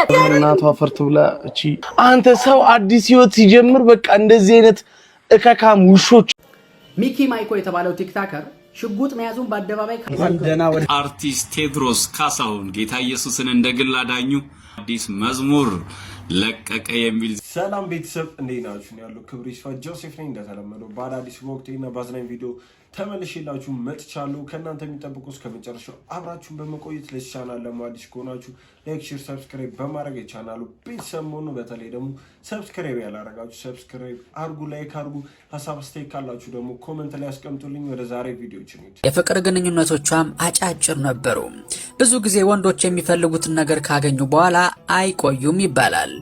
ይዘት እናቷ ፈርት ብላ እቺ አንተ ሰው አዲስ ህይወት ሲጀምር በቃ እንደዚህ አይነት እከካም ውሾች። ሚኪ ማይኮ የተባለው ቲክታከር ሽጉጥ መያዙን በአደባባይ አርቲስት ቴድሮስ ካሳሁን ጌታ ኢየሱስን እንደ ግል አዳኙ አዲስ መዝሙር ለቀቀ የሚል ሰላም ቤተሰብ እንዴት ናችሁ? ያለው ክብር ይስፋ ጆሴፍ ነኝ። እንደተለመደው በአዳዲስ በወቅቴና በአዝናኝ ቪዲዮ ተመልሼላችሁ መጥቻለሁ። ከእናንተ የሚጠብቁ እስከ መጨረሻው አብራችሁን በመቆየት ለቻናል ለማዲስ ከሆናችሁ ላይክ፣ ሼር፣ ሰብስክራይብ በማድረግ የቻናሉ ቤተሰብ መሆኑ በተለይ ደግሞ ሰብስክራይብ ያላረጋችሁ ሰብስክራይብ አርጉ፣ ላይክ አርጉ። ሀሳብ አስተያየት ካላችሁ ደግሞ ኮመንት ላይ ያስቀምጡልኝ። ወደ ዛሬ ቪዲዮች የፍቅር ግንኙነቶቿም አጫጭር ነበሩ። ብዙ ጊዜ ወንዶች የሚፈልጉትን ነገር ካገኙ በኋላ አይቆዩም ይባላል።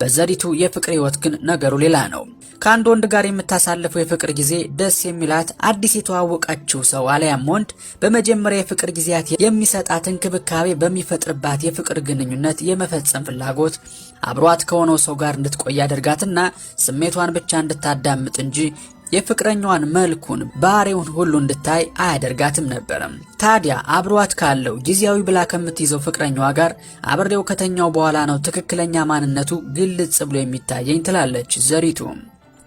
በዘሪቱ የፍቅር ህይወት ግን ነገሩ ሌላ ነው። ከአንድ ወንድ ጋር የምታሳልፈው የፍቅር ጊዜ ደስ የሚላት አዲስ የተዋወቀችው ሰው አለያም ወንድ በመጀመሪያ የፍቅር ጊዜያት የሚሰጣት እንክብካቤ በሚፈጥርባት የፍቅር ግንኙነት የመፈጸም ፍላጎት አብሯት ከሆነው ሰው ጋር እንድትቆይ ያደርጋትና ስሜቷን ብቻ እንድታዳምጥ እንጂ የፍቅረኛዋን መልኩን ባህሪውን ሁሉ እንድታይ አያደርጋትም ነበርም። ታዲያ አብሯት ካለው ጊዜያዊ ብላ ከምትይዘው ፍቅረኛዋ ጋር አብሬው ከተኛው በኋላ ነው ትክክለኛ ማንነቱ ግልጽ ብሎ የሚታየኝ ትላለች ዘሪቱ።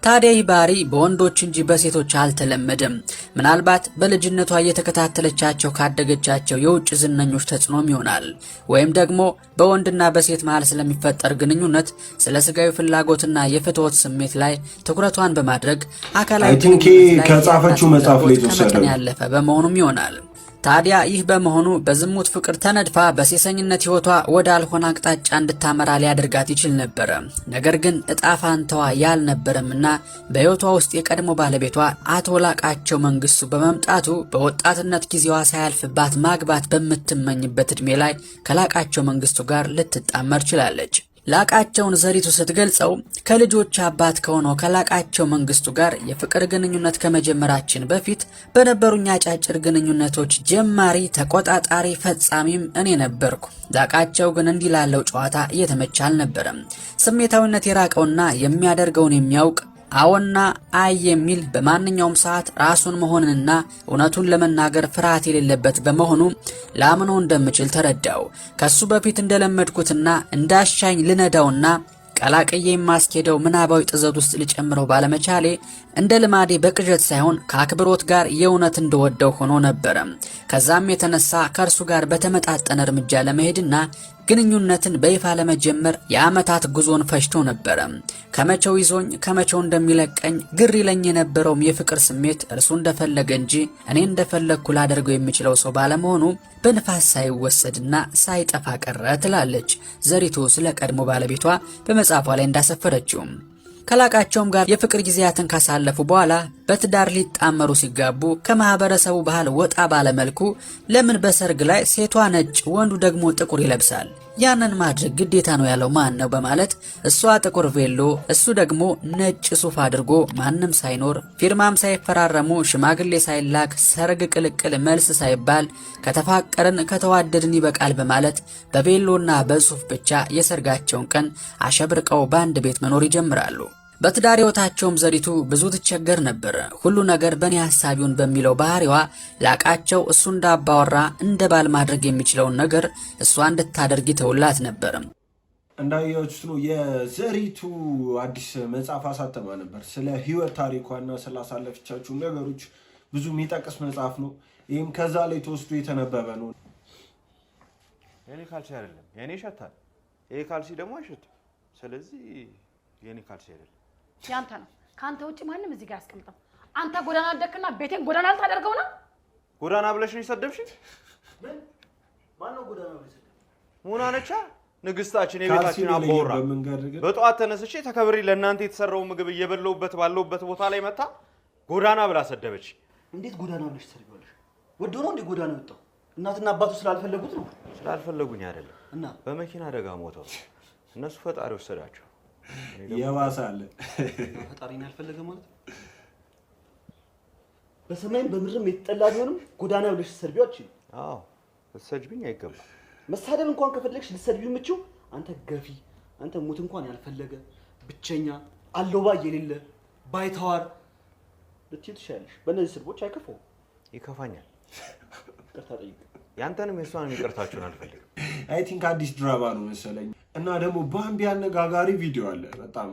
ታዲያ ይህ ባህሪ በወንዶች እንጂ በሴቶች አልተለመደም። ምናልባት በልጅነቷ እየተከታተለቻቸው ካደገቻቸው የውጭ ዝነኞች ተጽዕኖም ይሆናል። ወይም ደግሞ በወንድና በሴት መሃል ስለሚፈጠር ግንኙነት፣ ስለ ስጋዊ ፍላጎትና የፍትወት ስሜት ላይ ትኩረቷን በማድረግ አካላዊ ከጻፈችው መጽሐፍ ላይ ያለፈ በመሆኑም ይሆናል። ታዲያ ይህ በመሆኑ በዝሙት ፍቅር ተነድፋ በሴሰኝነት ወደ ወዳልሆነ አቅጣጫ እንድታመራ ሊያደርጋት ይችል ነበረ። ነገር ግን እጣ ፋንታዋ ያልነበረምና በህይወቷ ውስጥ የቀድሞ ባለቤቷ አቶ ላቃቸው መንግስቱ በመምጣቱ በወጣትነት ጊዜዋ ሳያልፍባት ማግባት በምትመኝበት ዕድሜ ላይ ከላቃቸው መንግስቱ ጋር ልትጣመር ችላለች። ላቃቸውን ዘሪቱ ስትገልጸው ከልጆች አባት ከሆነው ከላቃቸው መንግስቱ ጋር የፍቅር ግንኙነት ከመጀመራችን በፊት በነበሩኛ አጫጭር ግንኙነቶች ጀማሪ፣ ተቆጣጣሪ፣ ፈጻሚም እኔ ነበርኩ። ላቃቸው ግን እንዲህ ላለው ጨዋታ እየተመቸ አልነበረም። ስሜታዊነት የራቀውና የሚያደርገውን የሚያውቅ አዎና አይ የሚል በማንኛውም ሰዓት ራሱን መሆንንና እውነቱን ለመናገር ፍርሃት የሌለበት በመሆኑ ላምኖ እንደምችል ተረዳው። ከሱ በፊት እንደለመድኩትና እንዳሻኝ ልነዳውና ቀላቅዬ የማስኬደው ምናባዊ ጥዘት ውስጥ ልጨምረው ባለመቻሌ እንደ ልማዴ በቅዠት ሳይሆን ከአክብሮት ጋር የእውነት እንደወደው ሆኖ ነበረ። ከዛም የተነሳ ከእርሱ ጋር በተመጣጠነ እርምጃ ለመሄድና ግንኙነትን በይፋ ለመጀመር የአመታት ጉዞን ፈጅቶ ነበረ። ከመቼው ይዞኝ ከመቼው እንደሚለቀኝ ግር ይለኝ የነበረውም የፍቅር ስሜት እርሱ እንደፈለገ እንጂ እኔ እንደፈለግኩ ላደርገው የምችለው ሰው ባለመሆኑ በንፋስ ሳይወሰድና ሳይጠፋ ቀረ ትላለች ዘሪቱ ስለ ቀድሞ ባለቤቷ በመጽሐፏ ላይ እንዳሰፈረችውም ከላቃቸውም ጋር የፍቅር ጊዜያትን ካሳለፉ በኋላ በትዳር ሊጣመሩ ሲጋቡ ከማህበረሰቡ ባህል ወጣ ባለመልኩ ለምን በሰርግ ላይ ሴቷ ነጭ ወንዱ ደግሞ ጥቁር ይለብሳል? ያንን ማድረግ ግዴታ ነው ያለው ማን ነው በማለት እሷ ጥቁር ቬሎ እሱ ደግሞ ነጭ ሱፍ አድርጎ ማንም ሳይኖር ፊርማም ሳይፈራረሙ ሽማግሌ ሳይላክ ሰርግ ቅልቅል መልስ ሳይባል ከተፋቀርን ከተዋደድን ይበቃል በማለት በቬሎና በሱፍ ብቻ የሰርጋቸውን ቀን አሸብርቀው በአንድ ቤት መኖር ይጀምራሉ። በትዳር ሕይወታቸውም ዘሪቱ ብዙ ትቸገር ነበር። ሁሉ ነገር በእኔ ሐሳቢውን በሚለው ባህሪዋ ላቃቸው እሱ እንዳባወራ እንደ ባል ማድረግ የሚችለውን ነገር እሷ እንድታደርግ ተውላት ነበር። እንዳያችሁት ነው የዘሪቱ አዲስ መጽሐፍ አሳተማ ነበር። ስለ ሕይወት ታሪኳና ስላሳለፈቻቸው ነገሮች ብዙ የሚጠቅስ መጽሐፍ ነው። ይህም ከዛ ላይ ተወስዶ የተነበበ ነው። የኔ ካልሲ አይደለም፣ የኔ ይሸታል። ይሄ ካልሲ ደግሞ አይሸትም። ስለዚህ የኔ ካልሲ አይደለም። ያንተ ነው። ከአንተ ውጭ ማንም እዚህ ጋር ያስቀምጠው። አንተ ጎዳና አደግክና ቤቴን ጎዳና ልታደርገው ነው? ጎዳና ብለሽ ነው የሰደብሽኝ? ሙና ነቻ ንግስታችን፣ የቤታችን አባወራ በጠዋት ተነስቼ ተከብሬ ለእናንተ የተሰራውን ምግብ እየበለውበት ባለውበት ቦታ ላይ መታ ጎዳና ብላ ሰደበች። እንዴት ጎዳና ብለሽ ትሰድቢዋለሽ? ወዶ ነው እንዴ ጎዳና የወጣው? እናትና አባቱ ስላልፈለጉት ነው። ስላልፈለጉኝ አይደለም እና በመኪና አደጋ ሞተው እነሱ ፈጣሪ ወሰዳቸው። የባሰ አለ። ፈጣሪን ያልፈለገ ማለት ነው። በሰማይም በምድርም የተጠላ ቢሆንም ጎዳና ብለሽ ልትሰድቢው አትችይም። አዎ ልትሰድቢኝ አይገባም። መሳደብ እንኳን ከፈለግሽ ልትሰድቢው የምችው አንተ ገፊ፣ አንተ ሙት እንኳን ያልፈለገ ብቸኛ፣ አለው ባይ የሌለ ባይተዋር ልትይው ትችያለሽ። በእነዚህ ስድቦች አይከፋውም። ይከፋኛል። ይቅርታ ጠይቅ። ያንተንም የእሷንም ይቅርታችሁን አልፈልግም። አይ ቲንክ አዲስ ድራማ ነው መሰለኝ። እና ደግሞ ባምቢ አነጋጋሪ ቪዲዮ አለ፣ በጣም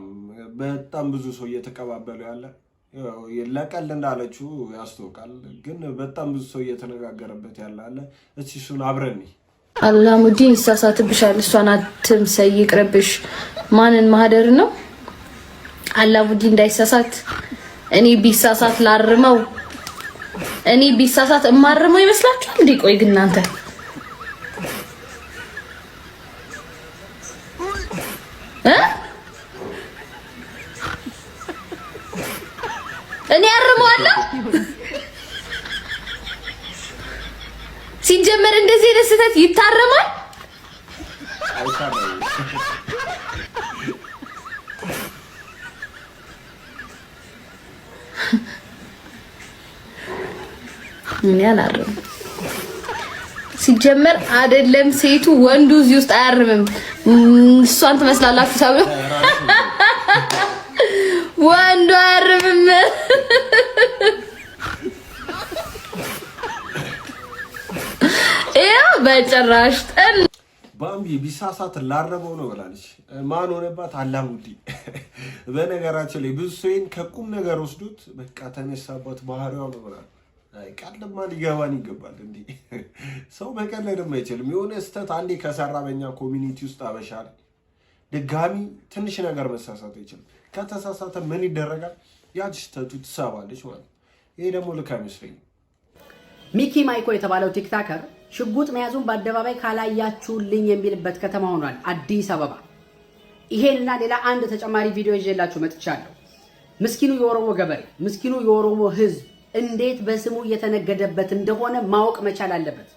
በጣም ብዙ ሰው እየተቀባበሉ ያለ ለቀል እንዳለችው ያስታውቃል፣ ግን በጣም ብዙ ሰው እየተነጋገረበት ያለ አለ። እስኪ እሱን አብረን አላሙዲን ይሳሳትብሻል፣ እሷን አትምሰይ፣ ይቅርብሽ። ማንን ማህደር ነው አላሙዲ እንዳይሳሳት። እኔ ቢሳሳት ላርመው፣ እኔ ቢሳሳት እማርመው ይመስላችኋል እንዲቆይ ግን እናንተ እኔ አላርም። ሲጀመር አይደለም ሴቱ ወንዱ እዚህ ውስጥ አያርምም። እሷን ትመስላላችሁ ተብሎ ወንዱ አያርምም። ይኸው በጭራሽ ባምቢ ቢሳሳት ላረበው ነው ብላለች። ማን ሆነባት? አላሙዲ በነገራችን ላይ ብዙ ሰይን ከቁም ነገር ወስዱት በቃ ተነሳበት ባህሪዋ ነው ብላለች። ቀልማ ሊገባን ይገባል። እንዲ ሰው መቀለድም አይችልም። የሆነ ስህተት አንዴ ከሰራ በኛ ኮሚኒቲ ውስጥ አበሻል ድጋሚ ትንሽ ነገር መሳሳት አይችልም። ከተሳሳተ ምን ይደረጋል? ያች ስህተቱ ትሰባለች ማለት ነው። ይሄ ደግሞ ልክ አይመስለኝም። ሚኪ ማይኮ የተባለው ቲክታከር ሽጉጥ መያዙን በአደባባይ ካላያችሁልኝ የሚልበት ከተማ ሆኗል አዲስ አበባ። ይሄንና ሌላ አንድ ተጨማሪ ቪዲዮ ይዤላችሁ መጥቻለሁ። ምስኪኑ የኦሮሞ ገበሬ፣ ምስኪኑ የኦሮሞ ህዝብ እንዴት በስሙ እየተነገደበት እንደሆነ ማወቅ መቻል አለበት።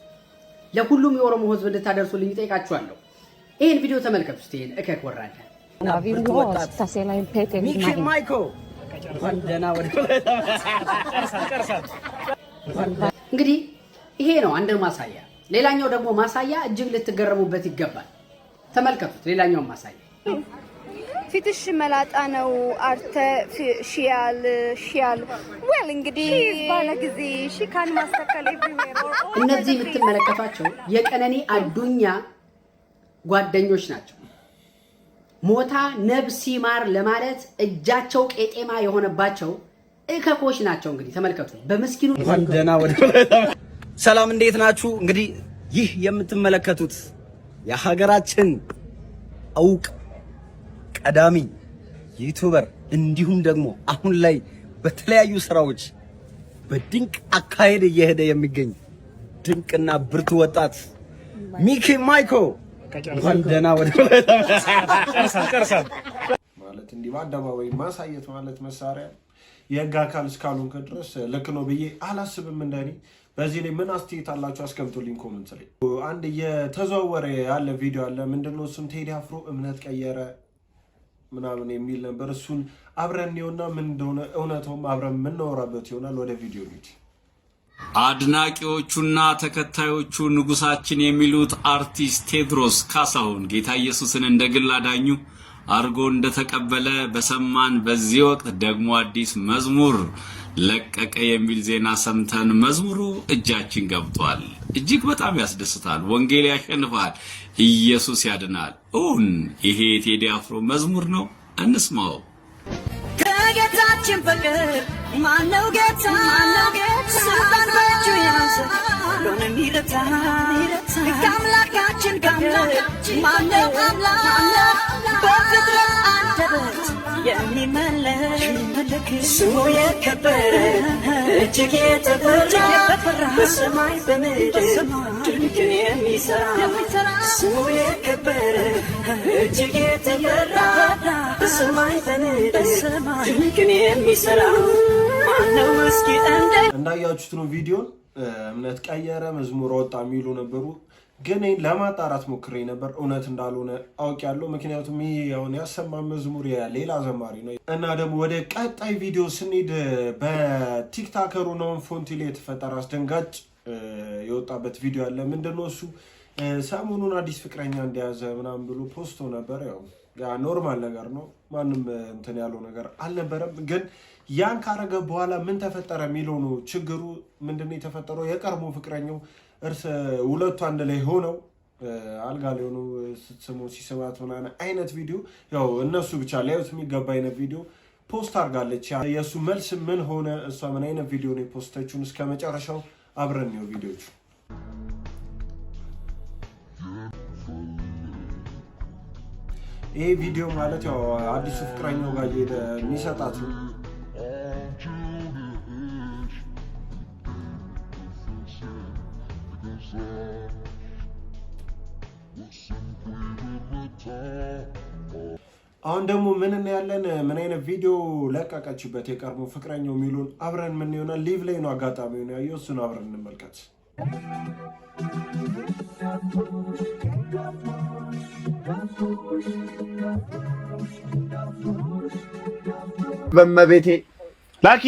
ለሁሉም የኦሮሞ ህዝብ እንድታደርሱልኝ እጠይቃችኋለሁ። ይህን ቪዲዮ ተመልከቱ። ስቴን እከክ ወራለ እንግዲህ ይሄ ነው አንድ ማሳያ። ሌላኛው ደግሞ ማሳያ እጅግ ልትገረሙበት ይገባል። ተመልከቱት። ሌላኛውን ማሳያ ፊትሽ መላጣ ነው። አርተ አርተፊሻል ሻል ወል እንግዲህ ባለ ጊዜ ሽካን ማስተካከል እነዚህ የምትመለከቷቸው የቀነኒ አዱኛ ጓደኞች ናቸው። ሞታ ነብሲ ማር ለማለት እጃቸው ቄጤማ የሆነባቸው እከኮች ናቸው። እንግዲህ ተመልከቱ። በምስኪኑ ሰላም፣ እንዴት ናችሁ? እንግዲህ ይህ የምትመለከቱት የሀገራችን እውቅ ቀዳሚ ዩቱበር እንዲሁም ደግሞ አሁን ላይ በተለያዩ ስራዎች በድንቅ አካሄድ እየሄደ የሚገኝ ድንቅና ብርቱ ወጣት ሚኪ ማይኮ እንኳን ደህና ማለት እንዲህ በአደባባይ ማሳየት ማለት መሳሪያ የህግ አካል እስካልሆንክ ድረስ ልክ ነው ብዬ አላስብም። እንደኔ በዚህ ላይ ምን አስተያየት አላችሁ? አስቀምጡልኝ ኮመንት ላይ። አንድ እየተዘዋወረ ያለ ቪዲዮ አለ። ምንድነው እሱም ቴዲ አፍሮ እምነት ቀየረ ምናምን የሚል ነበር። እሱን አብረን የውና ምን እንደሆነ እውነቱም አብረን የምናወራበት ይሆናል። ወደ ቪዲዮ ልጅ አድናቂዎቹና ተከታዮቹ ንጉሳችን የሚሉት አርቲስት ቴድሮስ ካሳሁን ጌታ ኢየሱስን እንደ ግል አዳኙ አድርጎ እንደተቀበለ በሰማን በዚህ ወቅት ደግሞ አዲስ መዝሙር ለቀቀ የሚል ዜና ሰምተን መዝሙሩ እጃችን ገብቷል። እጅግ በጣም ያስደስታል። ወንጌል ያሸንፋል፣ ኢየሱስ ያድናል። እውን ይሄ የቴዲ አፍሮ መዝሙር ነው። እንስማው። ከጌታችን ፍቅር ማነው ጌታ ስልጣን በእጁ የያዘ ሁሉንም ይረታ ከአምላካችን ጋር ማነው አምላክ በፍጥረት የሚመለክ ስሙ የከበረ እጅግ የተፈራ በሰማይ በምድር ድንቅን የሚሰራ ስሙ የከበረ እጅግ የተፈራ በሰማይ በምድር ድንቅን የሚሰራ ማነው እስኪ እንዳያችሁት ነው ቪዲዮን እምነት ቀየረ መዝሙር ወጣ የሚሉ ነበሩ። ግን ለማጣራት ሞክሬ ነበር። እውነት እንዳልሆነ አውቄያለሁ። ምክንያቱም ይህ ያሁን ያሰማ መዝሙር የሌላ ዘማሪ ነው እና ደግሞ ወደ ቀጣይ ቪዲዮ ስንሄድ በቲክታከሩ ነውን ፎንቴሌ የተፈጠረ አስደንጋጭ የወጣበት ቪዲዮ አለ። ነው እሱ? ሰሞኑን አዲስ ፍቅረኛ እንደያዘ ምናምን ብሎ ፖስቶ ነበር። ያው ያ ኖርማል ነገር ነው። ማንም እንትን ያለው ነገር አልነበረም። ግን ያን ካረገ በኋላ ምን ተፈጠረ የሚለው ነው ችግሩ። ምንድነው የተፈጠረው? የቀድሞ ፍቅረኛው እርስ ሁለቱ አንድ ላይ ሆነው አልጋ ሊሆኑ ስትስሙ ሲስማት ምናምን አይነት ቪዲዮ ያው እነሱ ብቻ ሊያዩት የሚገባ አይነት ቪዲዮ ፖስት አድርጋለች። የእሱ መልስ ምን ሆነ፣ እሷ ምን አይነት ቪዲዮ ነው የፖስተችውን፣ እስከ መጨረሻው አብረን ነው ቪዲዮቹ ይሄ ቪዲዮ ማለት ያው አዲሱ ፍቅረኛው ጋር የሚሰጣት ነው አሁን ደግሞ ምን እናያለን? ምን አይነት ቪዲዮ ለቀቀችበት የቀድሞ ፍቅረኛው የሚሉን አብረን ምን ይሆናል። ሊቭ ላይ ነው አጋጣሚ ነው ያየው። እሱን አብረን እንመልከት። በመቤቴ ላኪ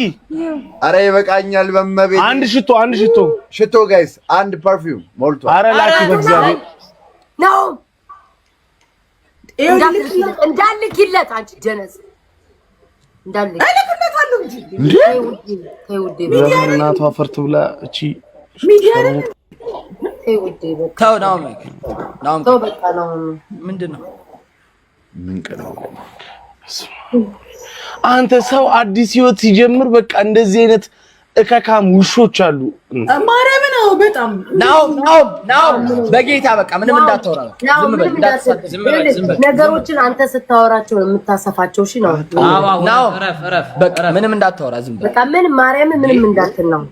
አረ ይበቃኛል። በመቤት አንድ ሽቶ አንድ ሽቶ ሽቶ ጋይስ አንድ ፐርፊውም ሞልቷል። አረ ላኪ በእግዚአብሔር ነው እንዳልክለት አንቺ ጀነስ እናቷ ፈርት ብላ እቺ ተው ነው ነው ነው አንተ ሰው አዲስ ህይወት ሲጀምር በቃ እንደዚህ አይነት እከካም ውሾች አሉ። ማርያም ነው በጣም ናው ናው ናው በጌታ በቃ ምንም እንዳታወራ ነገሮችን አንተ ስታወራቸው የምታሰፋቸው እሺ ነው ናው በቃ ምንም እንዳታወራ ዝም በቃ ምንም ማርያም ምንም እንዳትል ነው።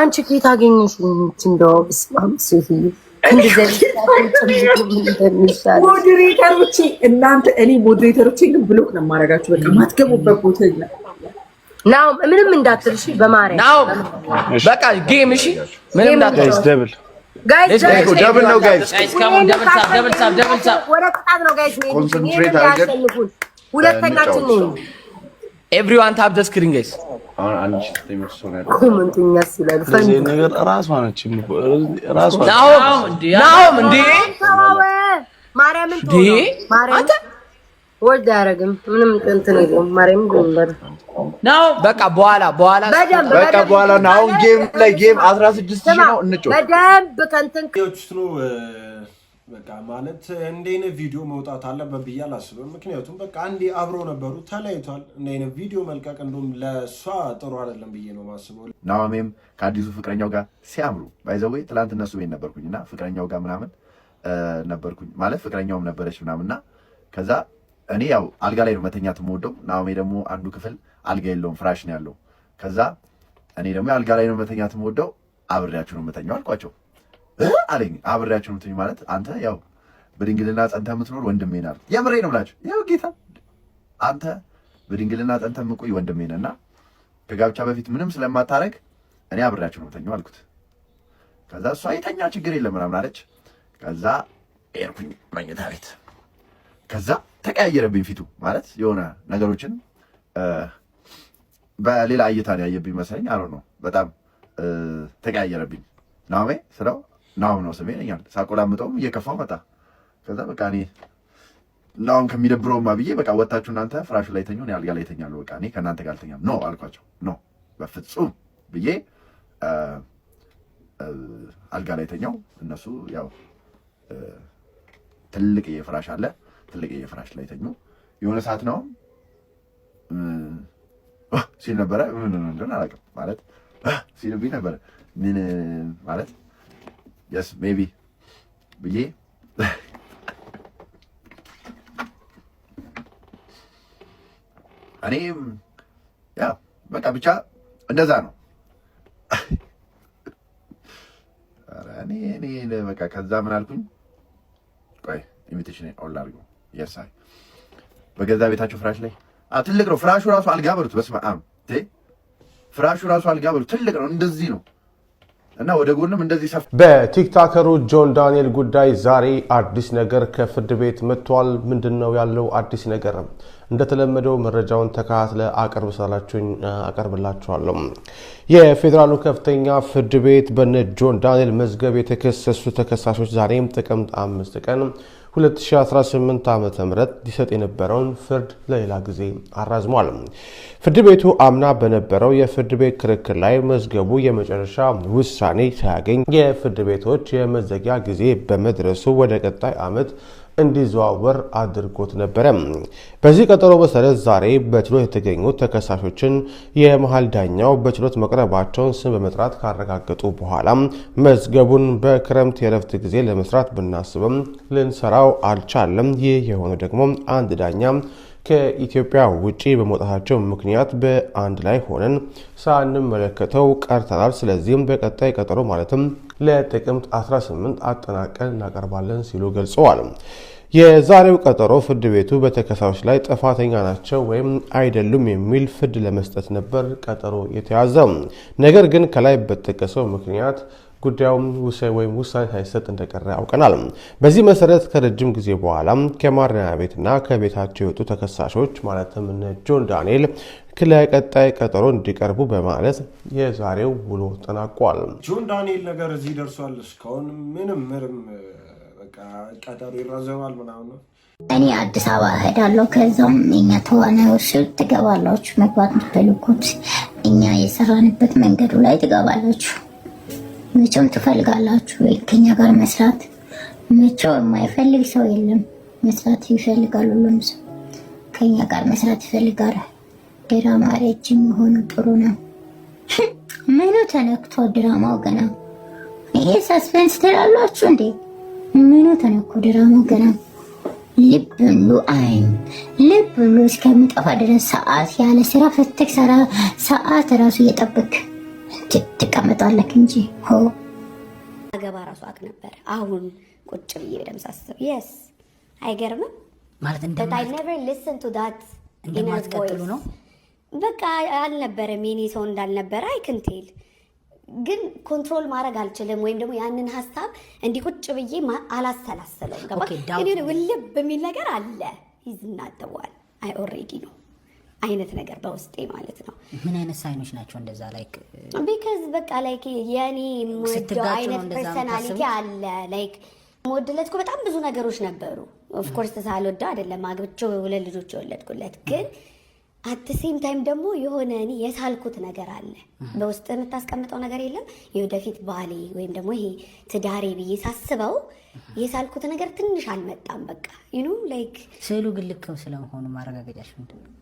አንቺ ጌታ አገኘሽ እንት እንደው ስማም ሲይ ሞዴሬተሮቼ እናንተ እኔ ሞዴሬተሮቼ ግን ብሎክ ነው የማደርጋችሁ። በቃ ማትገቡበት ቦታ የለም። ናው ምንም እንዳትል እሺ፣ በማርያም ናው በቃ ጌም እሺ፣ ምንም እንዳትል ደብል ደብል ነው ጋይስ ወደ ቅጣት ነው ጋይስ። ሁለተኛችን ነው ኤቭሪዋን ታፕ ዘ ስክሪን ጋይስ። በቃ በኋላ በኋላ በቃ በኋላ ነው። አሁን ጌም ላይ ጌም አስራ ስድስት ነው። በቃ ማለት እንደ አይነት ቪዲዮ መውጣት አለበት ብዬ አላስብም። ምክንያቱም በቃ አንዴ አብረው ነበሩ፣ ተለያይቷል። እንደ አይነት ቪዲዮ መልቀቅ እንደውም ለእሷ ጥሩ አይደለም ብዬ ነው ማስበው። ናዋሜም ከአዲሱ ፍቅረኛው ጋር ሲያምሩ ባይዘዌ ትላንት እነሱ ቤት ነበርኩኝ እና ፍቅረኛው ጋር ምናምን ነበርኩኝ ማለት ፍቅረኛውም ነበረች ምናምን እና ከዛ እኔ ያው አልጋ ላይ ነው መተኛት የምወደው። ናዋሜ ደግሞ አንዱ ክፍል አልጋ የለውም ፍራሽ ነው ያለው። ከዛ እኔ ደግሞ አልጋ ላይ ነው መተኛት የምወደው። አብሬያችሁ ነው መተኛው አልኳቸው። አለኝ። አብሬያቸው ምትኝ ማለት አንተ ያው በድንግልና ጸንተ የምትኖር ወንድሜ ናል። የምሬ ነው ብላቸው ያው ጌታ አንተ በድንግልና ጸንተ የምቆይ ወንድሜ ነና ከጋብቻ በፊት ምንም ስለማታረግ እኔ አብሬያቸው ነው ተኛው አልኩት። ከዛ እሷ የተኛ ችግር የለም ምናምን አለች። ከዛ ኤርኩኝ መኝታ ቤት። ከዛ ተቀያየረብኝ ፊቱ ማለት የሆነ ነገሮችን በሌላ እይታ ነው ያየብኝ መሰለኝ። አሮ ነው በጣም ተቀያየረብኝ ናሜ ስለው ናሁም ነው ስሜ ነኛል። ሳቆላምጠውም እየከፋው መጣ። ከዛ በቃ እኔ ናሁም ከሚደብረውማ ብዬ በቃ ወታችሁ እናንተ ፍራሹ ላይ ተኙ፣ አልጋ ላይ ተኛሉ። በቃ እኔ ከእናንተ ጋር አልተኛም ኖ አልኳቸው። ኖ በፍጹም ብዬ አልጋ ላይ ተኛው። እነሱ ያው ትልቅ የፍራሽ አለ፣ ትልቅ የፍራሽ ላይ ተኙ። የሆነ ሰዓት ነው ሲል ነበረ። ምን እንደሆነ አላውቅም ማለት ሲልብኝ ነበረ ምን ማለት የስ ሜቢ ብዬ እኔ ያ በቃ ብቻ እንደዛ ነው። እኔ እኔ በቃ ከዛ ምን አልኩኝ? ቆይ ኢንቪቴሽን ኦል አድርገው የሳይ በገዛ ቤታቸው ፍራሽ ላይ ትልቅ ነው ፍራሹ ራሱ አልጋ በሉት። በስመ አብ ፍራሹ ራሱ አልጋ በሉት ትልቅ ነው እንደዚህ ነው። እና ወደ ጎንም እንደዚህ ሰፍ በቲክታከሩ ጆን ዳንኤል ጉዳይ ዛሬ አዲስ ነገር ከፍርድ ቤት መጥቷል። ምንድን ነው ያለው አዲስ ነገር? እንደተለመደው መረጃውን ተከታትለ አቀርብ ሳላችሁኝ አቀርብላችኋለሁ። የፌዴራሉ ከፍተኛ ፍርድ ቤት በነ ጆን ዳንኤል መዝገብ የተከሰሱ ተከሳሾች ዛሬም ጥቅምት አምስት ቀን 2018 ዓ ም ሊሰጥ የነበረውን ፍርድ ለሌላ ጊዜ አራዝሟል። ፍርድ ቤቱ አምና በነበረው የፍርድ ቤት ክርክር ላይ መዝገቡ የመጨረሻ ውሳኔ ሳያገኝ የፍርድ ቤቶች የመዘጊያ ጊዜ በመድረሱ ወደ ቀጣይ ዓመት እንዲዘዋወር አድርጎት ነበረ። በዚህ ቀጠሮ መሰረት ዛሬ በችሎት የተገኙት ተከሳሾችን የመሀል ዳኛው በችሎት መቅረባቸውን ስም በመጥራት ካረጋገጡ በኋላ መዝገቡን በክረምት የረፍት ጊዜ ለመስራት ብናስብም ልንሰራው አልቻለም። ይህ የሆነ ደግሞ አንድ ዳኛ ከኢትዮጵያ ውጪ በመውጣታቸው ምክንያት በአንድ ላይ ሆነን ሳንመለከተው ቀርተናል። ስለዚህም በቀጣይ ቀጠሮ ማለትም ለጥቅምት 18 አጠናቀን እናቀርባለን ሲሉ ገልጸዋል። የዛሬው ቀጠሮ ፍርድ ቤቱ በተከሳዮች ላይ ጥፋተኛ ናቸው ወይም አይደሉም የሚል ፍርድ ለመስጠት ነበር ቀጠሮ የተያዘው። ነገር ግን ከላይ በተጠቀሰው ምክንያት ጉዳዩም ውሳኔ ወይም ውሳኔ ሳይሰጥ እንደቀረ ያውቀናል። በዚህ መሰረት ከረጅም ጊዜ በኋላ ከማረሚያ ቤትና ከቤታቸው የወጡ ተከሳሾች ማለትም እነ ጆን ዳንኤል ለቀጣይ ቀጠሮ እንዲቀርቡ በማለት የዛሬው ውሎ ተጠናቋል። ጆን ዳንኤል ነገር እዚህ ደርሷል። እስካሁን ምንም ምርም ቀጠሮ ይራዘማል ምናምን እኔ አዲስ አበባ እሄዳለሁ። ከዛም እኛ ተዋናዮች ትገባላችሁ። መግባት የምትፈልጉት እኛ የሰራንበት መንገዱ ላይ ትገባላችሁ መቼም ትፈልጋላችሁ ከኛ ጋር መስራት። መቼው የማይፈልግ ሰው የለም። መስራት ይፈልጋል ሁሉም ሰው ከኛ ጋር መስራት ይፈልጋል። ድራማ ረጅም የሆኑ ጥሩ ነው። ምኑ ተነክቶ ድራማው ገና ይሄ ሳስፔንስ ትላላችሁ እንዴ? ምኑ ተነክቶ ድራማው ገና ልብ ብሉ አይን ልብ ብሉ እስከሚጠፋ ድረስ ሰዓት ያለ ስራ ፍትክ ሰዓት ራሱ እየጠበክ ትቀመጣለህ እንጂ አገባ ራሱ አቅ ነበር። አሁን ቁጭ ብዬ በደምብ ሳስብ የስ አይገርምም ማለት እንደማትቀጥሉ ነው። በቃ አልነበረም የኔ ሰው እንዳልነበረ አይክንቴል ግን ኮንትሮል ማድረግ አልችልም፣ ወይም ደግሞ ያንን ሀሳብ እንዲህ ቁጭ ብዬ አላሰላሰለውም። ገባ ውልብ የሚል ነገር አለ ይዝናደዋል። አይ ኦልሬዲ ነው አይነት ነገር በውስጤ ማለት ነው። ምን አይነት ሳይኖች ናቸው እንደዛ? ላይክ ቢካዝ በቃ ላይክ የኔ የምወደው አይነት ፐርሰናሊቲ አለ። ላይክ የምወድለት በጣም ብዙ ነገሮች ነበሩ። ኦፍኮርስ ሳልወደው አይደለም አግብቼው ሁለት ልጆች የወለድኩለት ግን አት ሴም ታይም ደግሞ የሆነ እኔ የሳልኩት ነገር አለ በውስጥ የምታስቀምጠው ነገር የለም። የወደፊት ባሌ ወይም ደግሞ ይሄ ትዳሬ ብዬ ሳስበው የሳልኩት ነገር ትንሽ አልመጣም። በቃ ዩ ላይክ ስዕሉ ግልከው ስለመሆኑ ማረጋገጫሽ ምንድን ነው?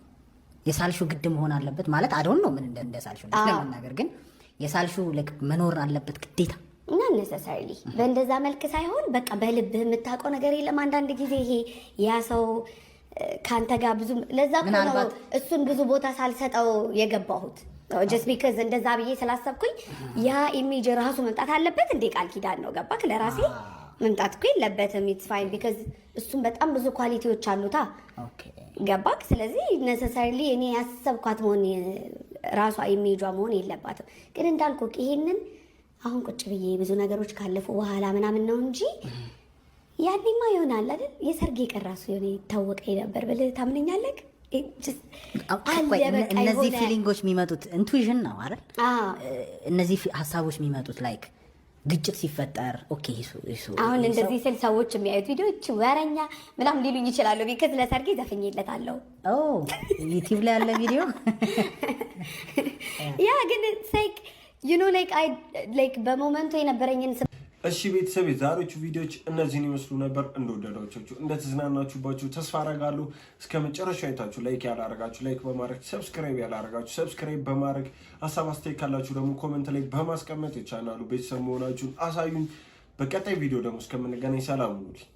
የሳልሹ ግድ መሆን አለበት ማለት አደውን ነው ምን እንደ ሳልሹ ለመናገር ግን የሳልሹ መኖር አለበት ግዴታ እና ነሰሳሪ በእንደዛ መልክ ሳይሆን በቃ በልብህ የምታውቀው ነገር የለም። አንዳንድ ጊዜ ይሄ ያ ሰው ከአንተ ጋር ብዙ ለዛ ነው እሱን ብዙ ቦታ ሳልሰጠው የገባሁት ጀስት ቢከዝ እንደዛ ብዬ ስላሰብኩኝ ያ ኢሜጅ ራሱ መምጣት አለበት እንዴ ቃል ኪዳን ነው ገባክ? ለራሴ መምጣት እኮ የለበትም። ኢትስ ፋይን ቢከዝ እሱም በጣም ብዙ ኳሊቲዎች አሉታ ገባክ? ስለዚህ ነሰሰርሊ እኔ ያሰብኳት መሆን ራሷ የሚሄዷ መሆን የለባትም። ግን እንዳልኩ ይሄንን አሁን ቁጭ ብዬ ብዙ ነገሮች ካለፉ በኋላ ምናምን ነው እንጂ ያኔማ ይሆናል አይደል? የሰርጌ ቀን ራሱ የሆነ ይታወቀ ነበር ብለህ ታምነኛለህ? እነዚህ ፊሊንጎች የሚመጡት ኢንቱዥን ነው አይደል? እነዚህ ሀሳቦች የሚመጡት ላይክ ግጭት ሲፈጠር አሁን እንደዚህ ስል ሰዎች የሚያዩት ቪዲዮች ወረኛ ምናምን ሊሉኝ ይችላሉ። ቢከዝ ለሰርጌ ዘፍኝለታለሁ ዩቲብ ላይ ያለ ቪዲዮ ያ ግን ላይክ በሞመንቱ የነበረኝን እሺ ቤተሰብ የዛሬዎቹ ቪዲዮዎች እነዚህን ይመስሉ ነበር። እንደወደዳችሁ እንደተዝናናችሁባችሁ ተስፋ አረጋለሁ። እስከ መጨረሻ አይታችሁ ላይክ ያላረጋችሁ ላይክ በማድረግ ሰብስክራይብ ያላረጋችሁ ሰብስክራይብ በማድረግ ሀሳብ አስተያየት ካላችሁ ደግሞ ኮመንት ላይ በማስቀመጥ የቻናሉ ቤተሰብ መሆናችሁን አሳዩኝ። በቀጣይ ቪዲዮ ደግሞ እስከምንገናኝ ሰላም ሁኑልኝ።